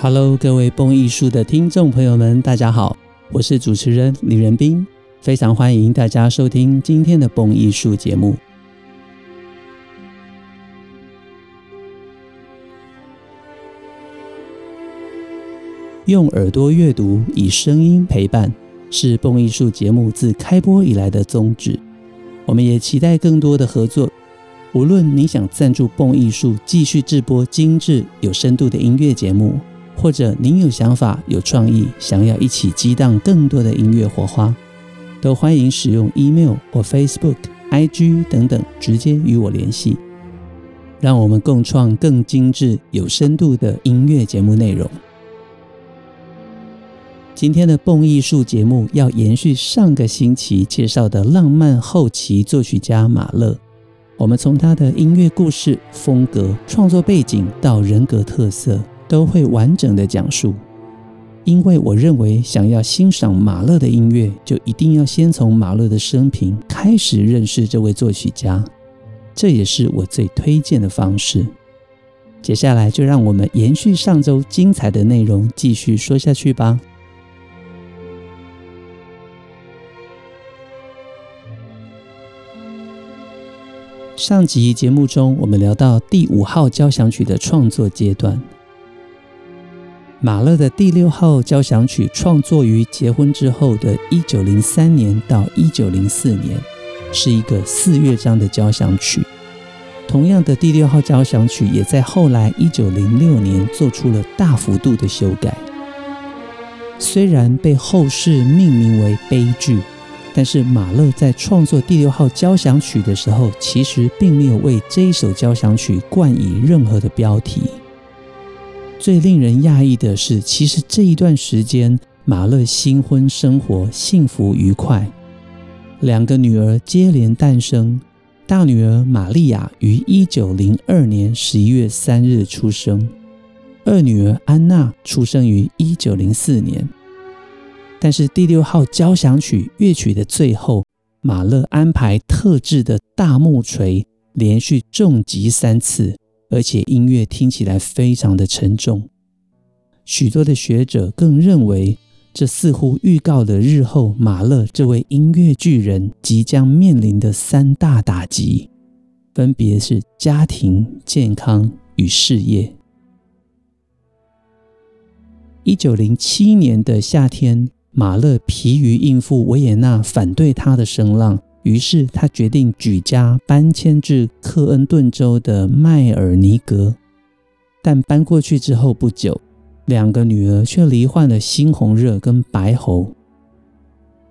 Hello，各位蹦藝術的聽眾朋友們，大家好，我是主持人林仁斌，非常歡迎大家收聽今天的蹦藝術節目。用耳朵閱讀，以聲音陪伴，是蹦藝術節目自開播以來的宗旨。我們也期待更多的合作，無論你想贊助蹦藝術，繼續製播精緻有深度的音樂節目。或者您有想法、有創意，想要一起激盪更多的音樂火花，都歡迎使用 email 或 Facebook、IG 等等直接與我聯繫，讓我們共創更精致、有深度的音樂節目內容。今天的《蹦藝術》節目要延續上個星期介紹的浪漫後期作曲家馬勒，我們從他的音樂故事、風格、創作背景到人格特色，都會完整的講述，因為我認為想要欣賞馬勒的音樂，就一定要先從馬勒的生平開始認識這位作曲家，這也是我最推薦的方式。接下來就讓我們延續上周精彩的內容，繼續說下去吧。上集節目中，我們聊到第五號交響曲的創作階段。馬勒的第六號交響曲創作於結婚之後的1903年到1904年，是一個四樂章的交響曲。同樣的，第六號交響曲也在後來1906年做出了大幅度的修改。雖然被後世命名為悲劇，但是馬勒在創作第六號交響曲的時候，其實並沒有為這一首交響曲冠以任何的標題。最令人訝異的是，其實這一段時間，馬勒新婚生活幸福愉快，兩個女兒接連誕生。大女兒瑪利亞於一九零二年十一月三日出生，二女兒安娜出生於一九零四年。但是第六號交響曲樂曲的最後，馬勒安排特制的大木錘連續重擊三次。而且音樂聽起來非常的沉重，許多的學者更認為，這似乎預告了日後馬勒這位音樂巨人即將面臨的三大打擊，分別是家庭、健康與事業。一九零七年的夏天，馬勒疲於應付維也納反對他的聲浪。於是他決定舉家搬遷至克恩頓州的麥爾尼格，但搬過去之後不久，兩個女兒卻罹患了猩紅熱跟白喉。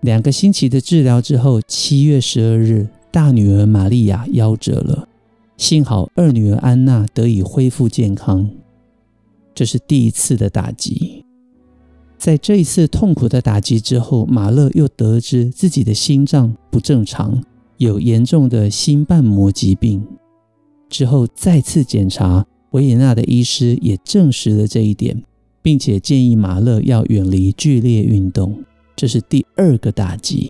兩個星期的治療之後，七月十二日，大女兒瑪利亞夭折了。幸好二女兒安娜得以恢復健康，這是第一次的打擊。在這一次痛苦的打擊之後，馬勒又得知自己的心臟不正常，有嚴重的心瓣膜疾病。之後再次檢查，維也納的醫師也證實了這一點，並且建議馬勒要遠離劇烈運動。這是第二個打擊，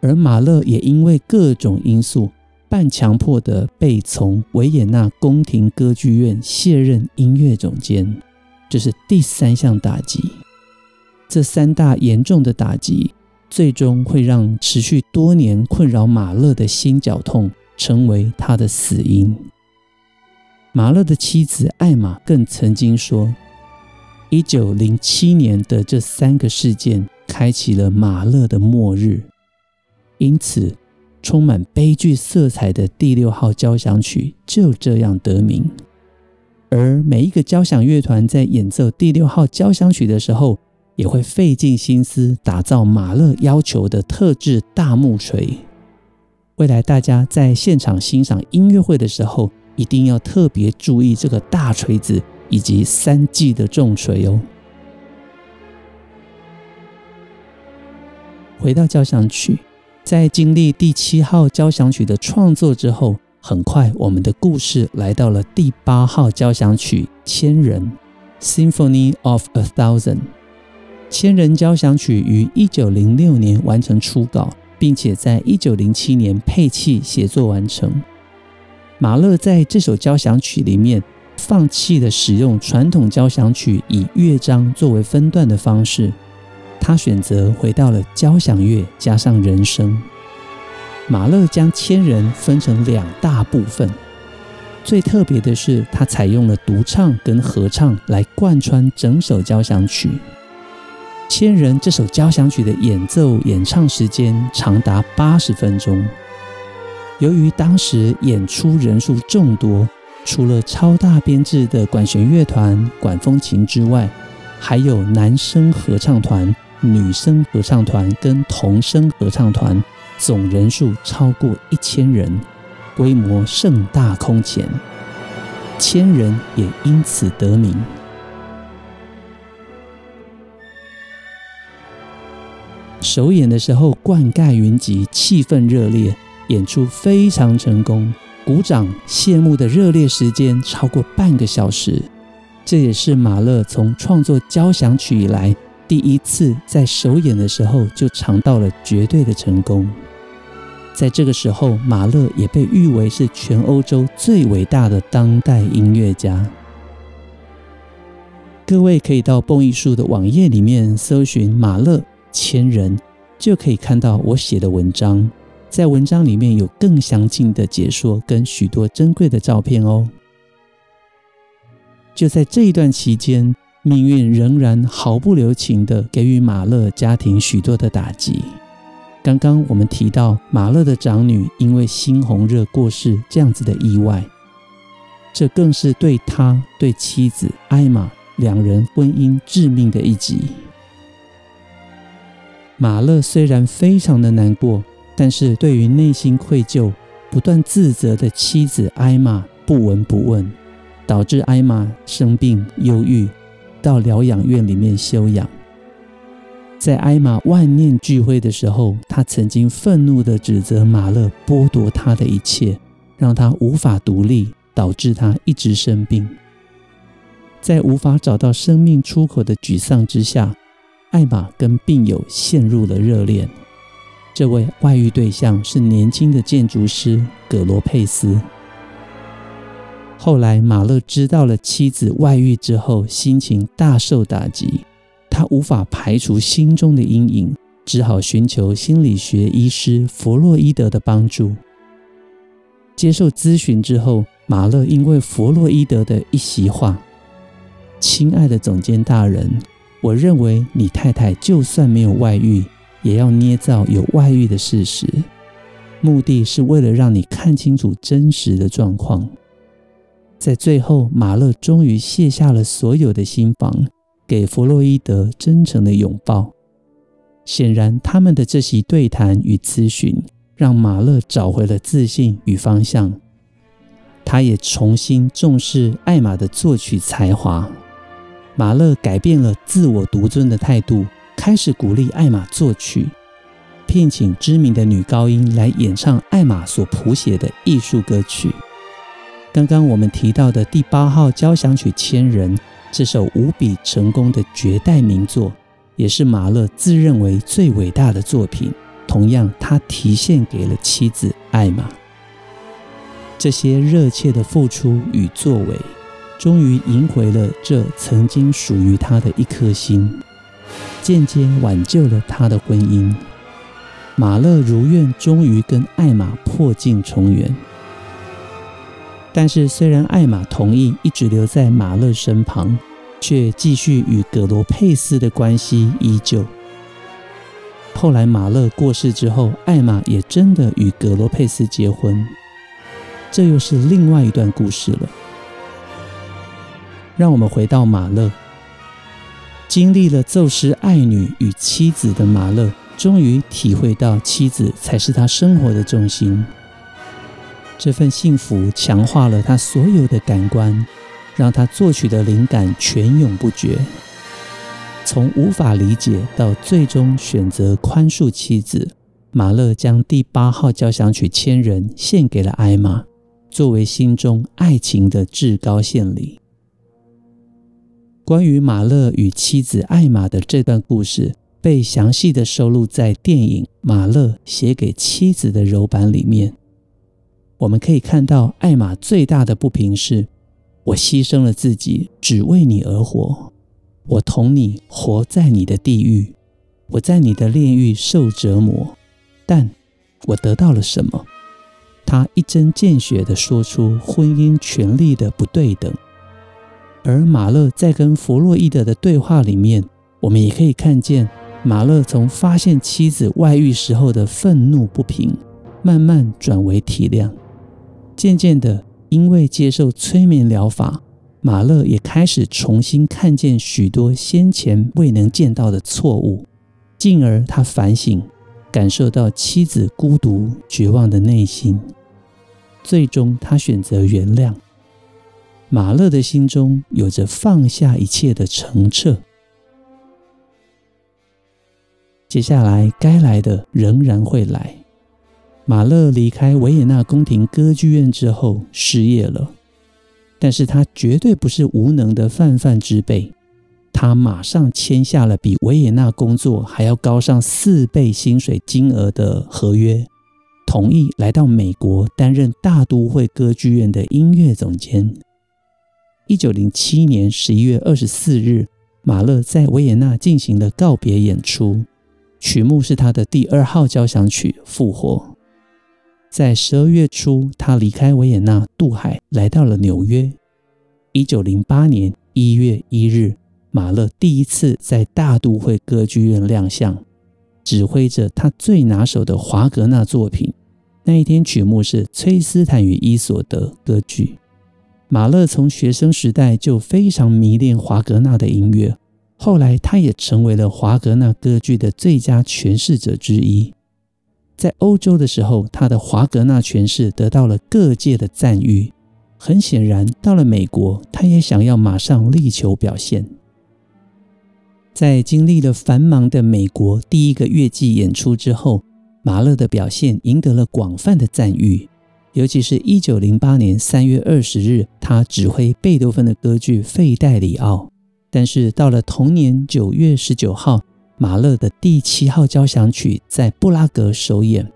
而馬勒也因為各種因素，半強迫地被從維也納宮廷歌劇院卸任音樂總監。這是第三項打擊。這三大嚴重的打擊，最終會讓持續多年困擾馬勒的心絞痛成為他的死因。馬勒的妻子艾瑪更曾經說：“一九零七年的這三個事件開啟了馬勒的末日。”因此，充滿悲劇色彩的第六號交響曲就這樣得名。而每一個交響樂團在演奏第六號交響曲的時候，也會費盡心思打造馬勒要求的特制大木錘。未來大家在現場欣賞音樂會的時候，一定要特別注意這個大錘子以及三記的重錘哦。回到交響曲，在經歷第七號交響曲的創作之後，很快我們的故事來到了第八號交響曲《千人》（Symphony of a Thousand）。《千人交響曲》於1906年完成初稿，並且在1907年配器寫作完成。馬勒在這首交響曲裡面放棄了使用傳統交響曲以樂章作為分段的方式，他選擇回到了交響樂加上人聲。馬勒將千人分成兩大部分，最特別的是他採用了獨唱跟合唱來貫穿整首交響曲。千人這首交響曲的演奏演唱時間長達八十分鐘。由於當時演出人數眾多，除了超大編制的管弦樂團、管風琴之外，還有男聲合唱團、女聲合唱團跟童聲合唱團，總人數超過一千人，規模盛大空前，千人也因此得名。首演的時候，冠蓋雲集，氣氛熱烈，演出非常成功，鼓掌謝幕的熱烈時間超過半個小時。這也是馬勒從創作交響曲以來，第一次在首演的時候就嘗到了絕對的成功。在這個時候，馬勒也被譽為是全歐洲最偉大的當代音樂家。各位可以到蹦藝術的網頁裡面搜尋馬勒。千人就可以看到我寫的文章。在文章裡面有更詳盡的解說跟許多珍貴的照片哦。就在這一段期間，命運仍然毫不留情地給予馬勒家庭許多的打擊。剛剛我們提到馬勒的長女因為猩紅熱過世，這樣子的意外，這更是對他對妻子艾瑪兩人婚姻致命的一擊。馬勒雖然非常的難過，但是對於內心愧疚、不斷自責的妻子艾瑪不聞不問，導致艾瑪生病、憂鬱，到療養院裡面休養。在艾瑪萬念俱灰的時候，她曾經憤怒地指責馬勒剝奪她的一切，讓她無法獨立，導致她一直生病。在無法找到生命出口的沮喪之下。艾瑪跟病友陷入了熱戀，這位外遇對象是年輕的建築師葛羅佩斯。後來馬勒知道了妻子外遇之後，心情大受打擊，他無法排除心中的陰影，只好尋求心理學醫師佛洛伊德的幫助。接受諮詢之後，馬勒因為佛洛伊德的一席話：“親愛的總監大人。”我認為你太太就算沒有外遇，也要捏造有外遇的事實，目的是為了讓你看清楚真實的狀況。在最後，馬勒終於卸下了所有的心防，給弗洛伊德真誠的擁抱。顯然，他們的這席對談與諮詢，讓馬勒找回了自信與方向，他也重新重視艾瑪的作曲才華。馬勒改變了自我獨尊的態度，開始鼓勵艾瑪作曲，聘請知名的女高音來演唱艾瑪所譜寫的藝術歌曲。剛剛我們提到的第八號交響曲《千人》，這首無比成功的絕代名作，也是馬勒自認為最偉大的作品。同樣，他題獻給了妻子艾瑪。這些熱切的付出與作為，終於贏回了這曾經屬於他的一顆心，間接挽救了他的婚姻。馬勒如願，終於跟艾瑪破鏡重圓。但是，雖然艾瑪同意一直留在馬勒身旁，卻繼續與葛羅佩斯的關係依舊。後來，馬勒過世之後，艾瑪也真的與葛羅佩斯結婚，這又是另外一段故事了。讓我們回到馬勒。經歷了驟失愛女與妻子的馬勒，終於體會到妻子才是他生活的重心。這份幸福強化了他所有的感官，讓他作曲的靈感泉湧不絕。從無法理解到最終選擇寬恕妻子，馬勒將第八號交響曲千人獻給了艾瑪，作為心中愛情的至高獻禮。關於馬勒與妻子艾瑪的這段故事，被詳細的收錄在電影《馬勒寫給妻子的柔板》裡面。我們可以看到，艾瑪最大的不平是：我犧牲了自己，只為你而活；我同你活在你的地獄，我在你的煉獄受折磨，但我得到了什麼？他一針見血的說出婚姻權利的不對等。而馬勒在跟弗洛伊德的對話裡面，我們也可以看見馬勒從發現妻子外遇時候的憤怒不平，慢慢轉為體諒。漸漸的，因為接受催眠療法，馬勒也開始重新看見許多先前未能見到的錯誤，進而他反省，感受到妻子孤獨絕望的內心，最終他選擇原諒。馬勒的心中有着放下一切的澄澈，接下來該來的仍然會來。馬勒離開維也納宮廷歌劇院之後失業了，但是他絕對不是無能的泛泛之輩。他馬上簽下了比維也納工作還要高上四倍薪水金額的合約，同意來到美國擔任大都會歌劇院的音樂總監。一九零七年十一月二十四日，馬勒在維也納進行了告別演出，曲目是他的第二號交響曲《復活》。在十二月初，他離開維也納渡海，來到了紐約。一九零八年一月一日，馬勒第一次在大都會歌劇院亮相，指揮着他最拿手的華格納作品。那一天，曲目是《崔斯坦與伊索德》歌劇。馬勒從學生時代就非常迷戀華格納的音樂，後來他也成為了華格納歌劇的最佳詮釋者之一。在歐洲的時候，他的華格納詮釋得到了各界的讚譽。很顯然，到了美國，他也想要馬上力求表現。在經歷了繁忙的美國第一個樂季演出之後，馬勒的表現贏得了廣泛的讚譽。尤其是一九零八年三月二十日，他指揮貝多芬的歌劇《費戴里奧》。但是到了同年九月十九號，馬勒的第七號交響曲在布拉格首演。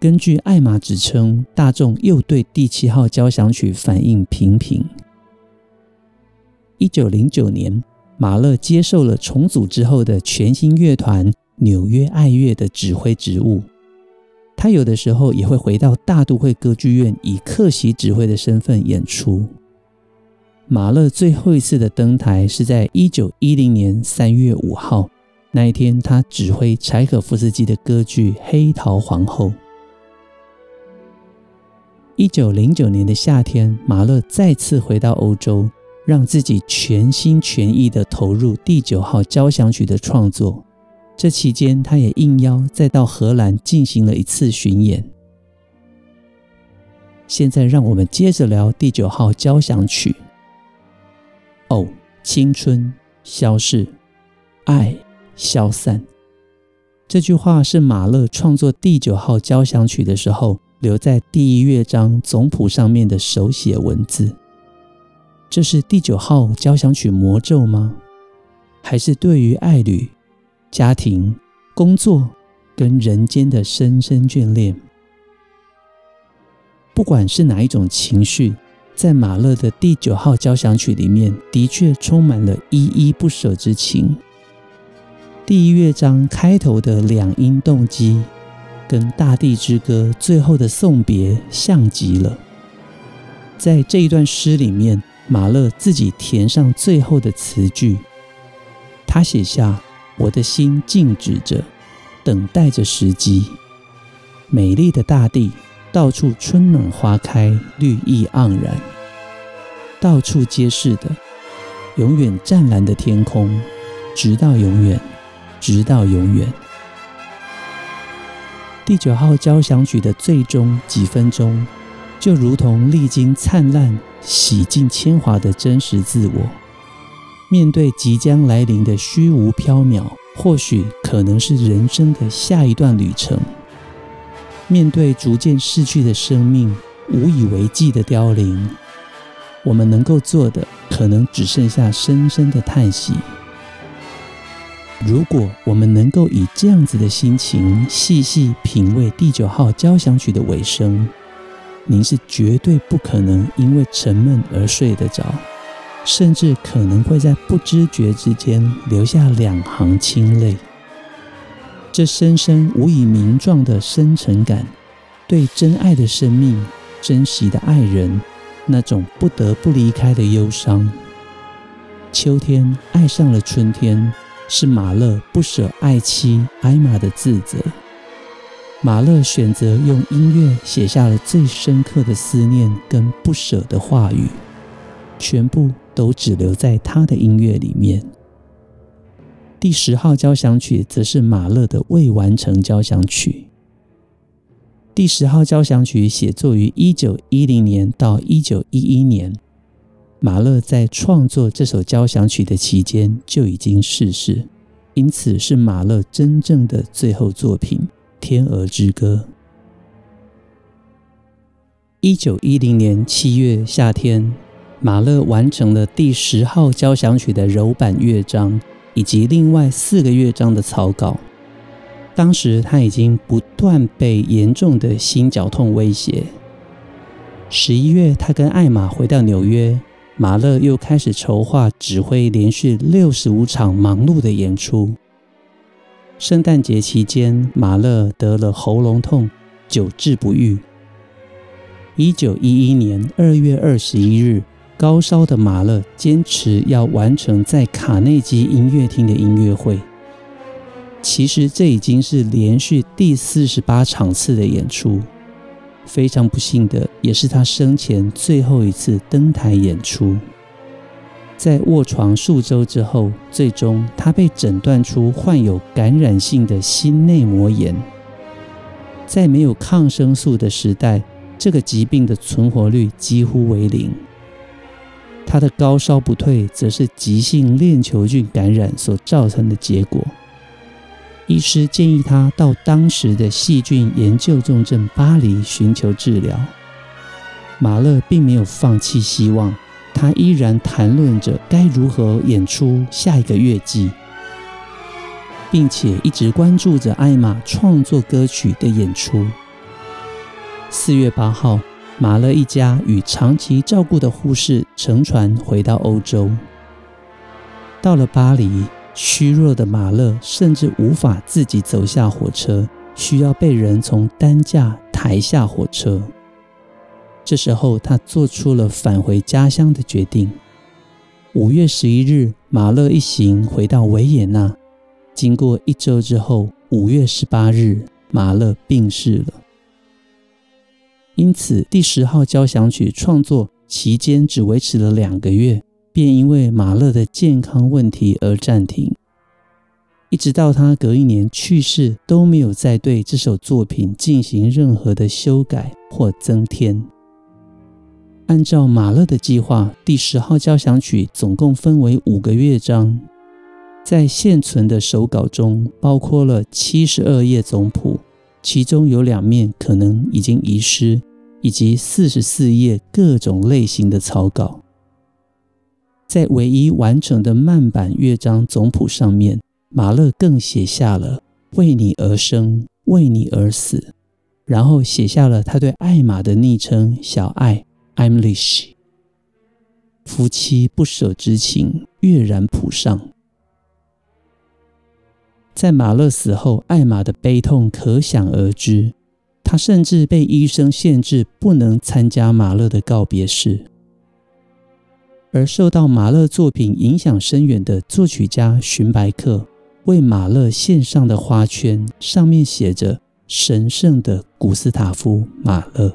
根據艾瑪指稱，大眾又對第七號交響曲反應平平。一九零九年，馬勒接受了重組之後的全新樂團紐約愛樂的指揮職務。他有的時候也會回到大都會歌劇院，以客席指揮的身份演出。馬勒最後一次的登台是在一九一零年三月五號，那一天他指揮柴可夫斯基的歌劇《黑桃皇後》。一九零九年的夏天，馬勒再次回到歐洲，讓自己全心全意的投入第九號交響曲的創作。這期間，他也應邀再到荷蘭進行了一次巡演。現在，讓我們接着聊第九號交響曲。哦，青春消逝，愛消散。這句話是馬勒創作第九號交響曲的時候留在第一樂章總譜上面的手寫文字。這是第九號交響曲魔咒嗎？還是對於愛侶？家庭、工作跟人間的深深眷戀，不管是哪一種情緒，在馬勒的第九號交響曲裡面，的確充滿了依依不捨之情。第一樂章開頭的兩音動機，跟《大地之歌》最後的送別像極了。在這一段詩裡面，馬勒自己填上最後的詞句，他寫下，我的心靜止着，等待着時機。美麗的大地，到處春暖花開，綠意盎然；到處皆是的，永遠湛藍的天空，直到永遠，直到永遠。第九號交響曲的最終幾分鐘，就如同歷經燦爛、洗盡鉛華的真實自我。面對即將來臨的虛無縹緲，或許可能是人生的下一段旅程；面對逐漸逝去的生命，無以為繼的凋零，我們能夠做的，可能只剩下深深的嘆息。如果我們能夠以這樣子的心情細細品味第九號交響曲的尾聲，您是絕對不可能因為沉悶而睡得着。甚至可能會在不知覺之間留下兩行清淚。這深深無以名狀的深沉感，對真愛的生命、珍惜的愛人，那種不得不離開的憂傷。秋天愛上了春天，是馬勒不捨愛妻艾瑪的自責。馬勒選擇用音樂寫下了最深刻的思念跟不捨的話語，全部。都只留在他的音樂裡面。第十號交響曲則是馬勒的未完成交響曲。第十號交響曲寫作於一九一零年到一九一一年，馬勒在創作這首交響曲的期間就已經逝世，因此是馬勒真正的最後作品《天鵝之歌》。一九一零年七月夏天。馬勒完成了第十號交響曲的柔板樂章以及另外四個樂章的草稿。當時他已經不斷被嚴重的心絞痛威脅。十一月，他跟艾瑪回到紐約，馬勒又開始籌劃指揮連續六十五場忙碌的演出。聖誕節期間，馬勒得了喉嚨痛，久治不癒。一九一一年二月二十一日。高燒的馬勒堅持要完成在卡內基音樂廳的音樂會。其實這已經是連續第四十八場次的演出，非常不幸的，也是他生前最後一次登台演出。在臥床數週之後，最終他被診斷出患有感染性的心內膜炎。在沒有抗生素的時代，這個疾病的存活率幾乎為零。他的高燒不退，則是急性鏈球菌感染所造成的結果。醫師建議他到當時的細菌研究重鎮巴黎尋求治療。馬勒並沒有放棄希望，他依然談論着該如何演出下一個樂季，並且一直關注着艾瑪創作歌曲的演出。四月八號。馬勒一家與長期照顧的護士乘船回到歐洲，到了巴黎，虛弱的馬勒甚至無法自己走下火車，需要被人從擔架抬下火車。這時候，他做出了返回家鄉的決定。五月十一日，馬勒一行回到維也納。經過一周之後，五月十八日，馬勒病逝了。因此，第十號交響曲創作期間只維持了兩個月，便因為馬勒的健康問題而暫停。一直到他隔一年去世，都沒有再對這首作品進行任何的修改或增添。按照馬勒的計劃，第十號交響曲總共分為五個樂章，在現存的手稿中包括了七十二頁總譜，其中有兩面可能已經遺失。以及四十四頁各種類型的草稿，在唯一完整的慢板樂章總譜上面，馬勒更寫下了“為你而生，為你而死”，然後寫下了他對艾瑪的昵稱“小愛 ”，Almschi。夫妻不捨之情躍然譜上。在馬勒死後，艾瑪的悲痛可想而知。他甚至被醫生限制不能參加馬勒的告別式，而受到馬勒作品影響深遠的作曲家荀白克為馬勒獻上的花圈，上面寫着“神聖的古斯塔夫·馬勒”。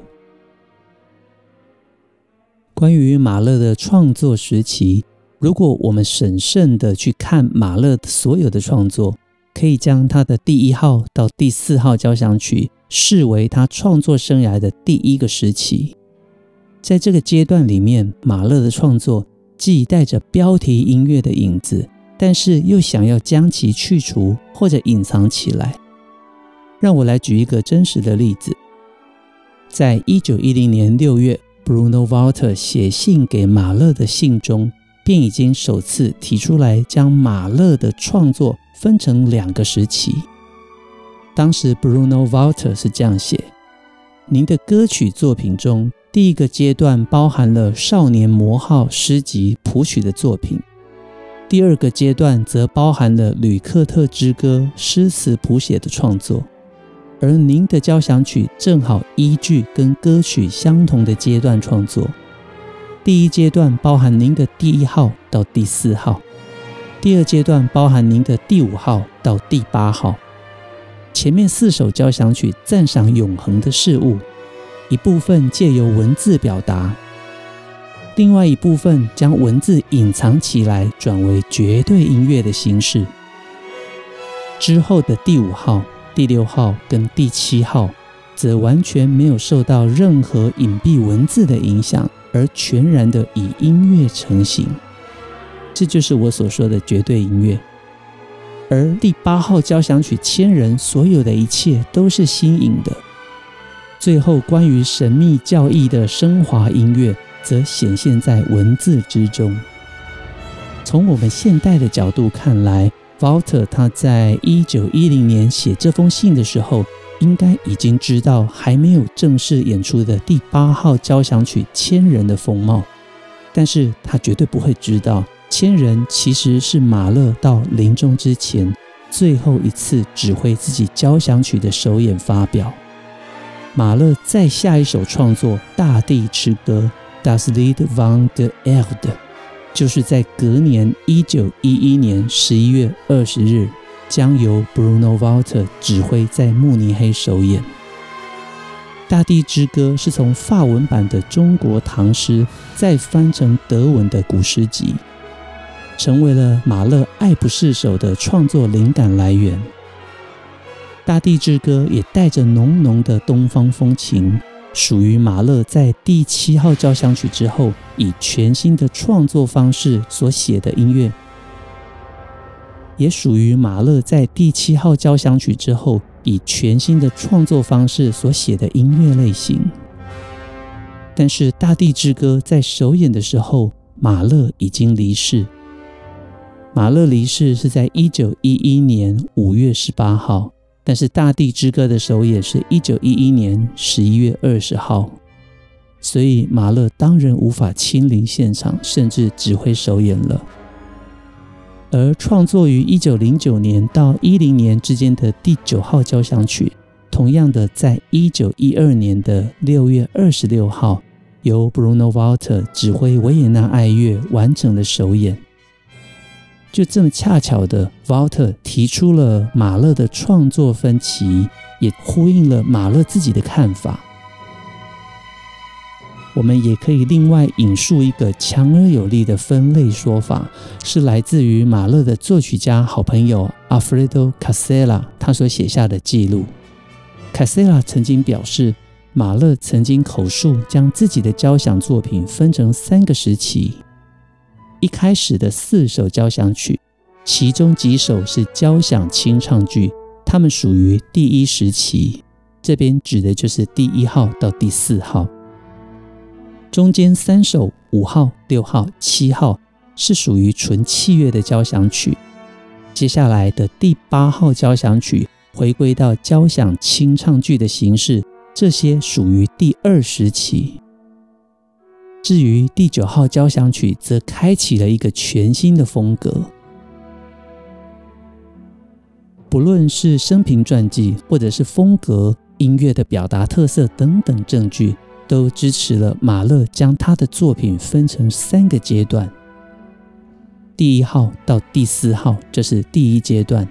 關於馬勒的創作時期，如果我們審慎的去看馬勒所有的創作，可以將他的第一號到第四號交響曲，視為他創作生涯的第一個時期。在這個階段裡面，馬勒的創作既帶着標題音樂的影子，但是又想要將其去除或者隱藏起來。讓我來舉一個真實的例子。在一九一零年六月，Bruno Walter 寫信給馬勒的信中，便已經首次提出來將馬勒的創作分成兩個時期。當時 Bruno Walter 是這樣寫：“您的歌曲作品中，第一個階段包含了《少年魔號》詩集譜曲的作品；第二個階段則包含了《呂克特之歌》詩詞譜寫的創作。而您的交響曲正好依據跟歌曲相同的階段創作。第一階段包含您的第一號到第四號；第二階段包含您的第五號到第八號。”前面四首交響曲讚賞永恆的事物，一部分借由文字表達，另外一部分將文字隱藏起來，轉為絕對音樂的形式。之後的第五號、第六號跟第七號，則完全沒有受到任何隱蔽文字的影響，而全然的以音樂成型。這就是我所說的絕對音樂。而第八號交響曲《千人》，所有的一切都是新穎的。最後，關於神秘教義的升華音樂，則顯現在文字之中。從我們現代的角度看來，Walter 他在一九一零年寫這封信的時候，應該已經知道還沒有正式演出的第八號交響曲《千人》的風貌，但是他絕對不會知道。千人其實是馬勒到臨終之前最後一次指揮自己交響曲的首演發表。馬勒再下一首創作《大地之歌》（Das Lied von der Erde），就是在隔年一九一一年十一月二十日，將由 Bruno Walter 指揮在慕尼黑首演。《大地之歌》是從法文版的中國唐詩再翻成德文的古詩集。成為了馬勒愛不釋手的創作靈感來源，《大地之歌》也帶着濃濃的東方風情，屬於馬勒在第七號交響曲之後以全新的創作方式所寫的音樂，也屬於馬勒在第七號交響曲之後以全新的創作方式所寫的音樂類型。但是，《大地之歌》在首演的時候，馬勒已經離世。馬勒離世是在一九一一年五月十八號，但是《大地之歌》的首演是一九一一年十一月二十號，所以馬勒當然無法親臨現場，甚至指揮首演了。而創作於一九零九年到一零年之間的第九號交響曲，同樣的，在一九一二年的六月二十六號，由 Bruno Walter 指揮維也納愛樂完成的首演。就這麼恰巧的，Walter 提出了馬勒的創作分歧，也呼應了馬勒自己的看法。我們也可以另外引述一個強而有力的分類說法，是來自於馬勒的作曲家好朋友 Alfredo Casella，他所寫下的記錄。Casella 曾經表示，馬勒曾經口述將自己的交響作品分成三個時期。一開始的四首交響曲，其中幾首是交響清唱劇，它們屬於第一時期。這邊指的就是第一號到第四號。中間三首，五號、六號、七號是屬於純器樂的交響曲。接下來的第八號交響曲回歸到交響清唱劇的形式，這些屬於第二時期。至於第九號交響曲，則開啟了一個全新的風格。不論是生平傳記，或者是風格、音樂的表達特色等等證據，都支持了馬勒將他的作品分成三個階段：第一號到第四號，這是第一階段；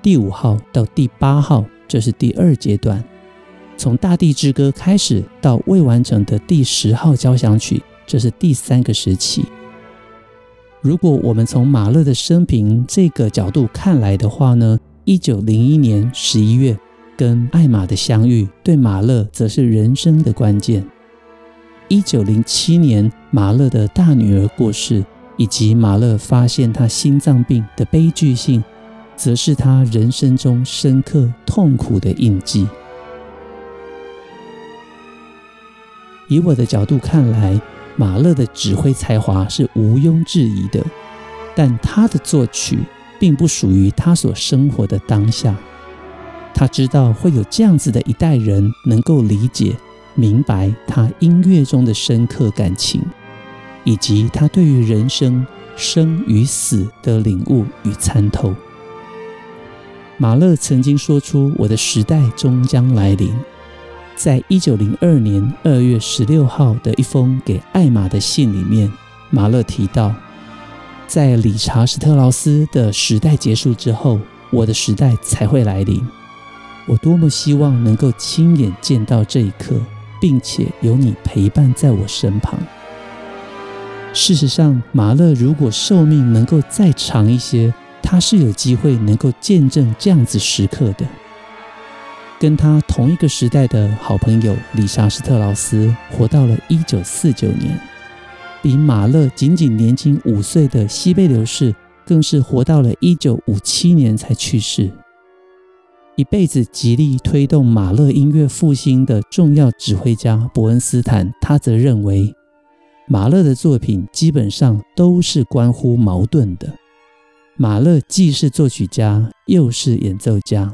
第五號到第八號，這是第二階段。從《大地之歌》開始到未完成的第十號交響曲，這是第三個時期。如果我們從馬勒的生平這個角度看來的話呢，一九零一年十一月跟艾瑪的相遇，對馬勒則是人生的關鍵。一九零七年，馬勒的大女兒過世，以及馬勒發現他心臟病的悲劇性，則是他人生中深刻痛苦的印記。以我的角度看來，馬勒的指揮才華是毋庸置疑的，但他的作曲並不屬於他所生活的當下。他知道會有這樣子的一代人能夠理解、明白他音樂中的深刻感情，以及他對於人生、生與死的領悟與參透。馬勒曾經說出：“我的時代終將來臨。”在一九零二年二月十六號的一封給艾瑪的信裡面，馬勒提到，在理查·史特勞斯的時代結束之後，我的時代才會來臨。我多麼希望能夠親眼見到這一刻，並且有你陪伴在我身旁。事實上，馬勒如果壽命能夠再長一些，他是有機會能夠見證這樣子時刻的。跟他同一個時代的好朋友理查斯特勞斯活到了1949年，比馬勒僅僅年輕五歲的西貝流士更是活到了1957年才去世。一輩子極力推動馬勒音樂復興的重要指揮家伯恩斯坦，他則認為馬勒的作品基本上都是關乎矛盾的。馬勒既是作曲家，又是演奏家。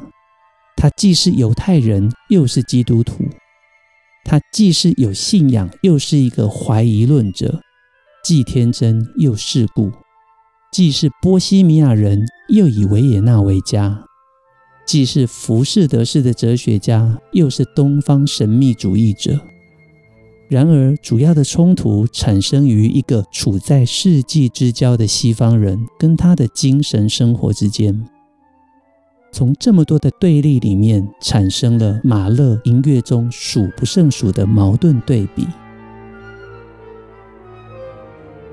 他既是猶太人，又是基督徒；他既是有信仰，又是一個懷疑論者；既天真又世故；既是波西米亞人，又以維也納為家；既是浮士德式的哲學家，又是東方神秘主義者。然而，主要的衝突產生於一個處在世紀之交的西方人跟他的精神生活之間。從這麼多的對立裡面，產生了馬勒音樂中數不勝數的矛盾對比。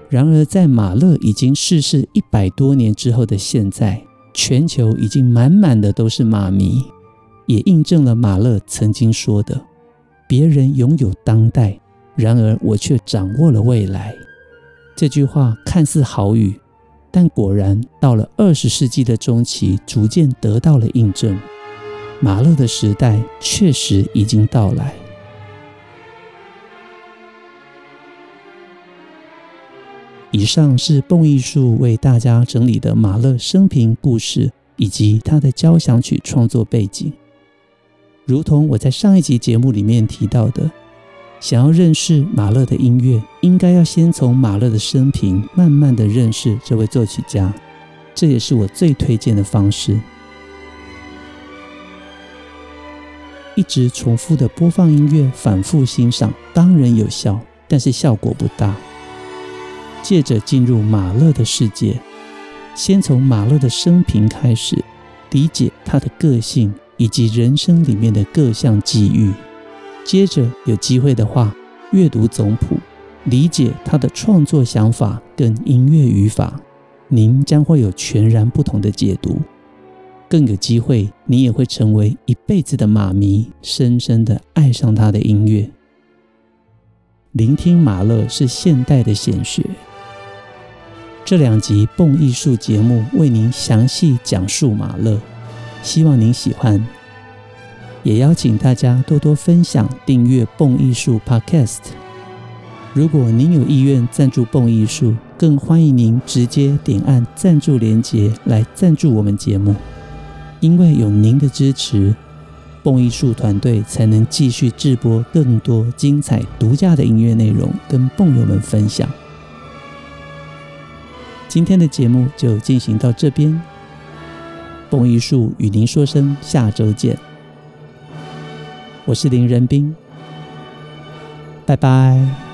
然而，在馬勒已經逝世一百多年之後的現在，全球已經滿滿的都是馬迷，也印證了馬勒曾經說的：“別人擁有當代，然而我卻掌握了未來。”這句話看似豪語。但果然，到了二十世紀的中期，逐漸得到了印證。馬勒的時代確實已經到來。以上是蹦藝術為大家整理的馬勒生平故事以及他的交響曲創作背景。如同我在上一集節目裡面提到的。想要認識馬勒的音樂，應該要先從馬勒的生平慢慢的認識這位作曲家，這也是我最推薦的方式。一直重複的播放音樂，反復欣賞，當然有效，但是效果不大。借着進入馬勒的世界，先從馬勒的生平開始，理解他的個性以及人生裡面的各項際遇。接着有機會的話，閱讀總譜，理解他的創作想法跟音樂語法，您將會有全然不同的解讀，更有機會，你也會成為一輩子的馬迷，深深的愛上他的音樂。聆聽馬勒是現代的顯學，這兩集《蹦藝術》節目為您詳細講述馬勒，希望您喜歡。也邀請大家多多分享、訂閱《蹦藝術》Podcast。如果您有意願贊助《蹦藝術》，更歡迎您直接點按贊助連結來贊助我們節目。因為有您的支持，《蹦藝術》團隊才能繼續製播更多精彩、獨家的音樂內容，跟蹦友們分享。今天的節目就進行到這邊，《蹦藝術》與您說聲下周見。我是林仁斌，拜拜。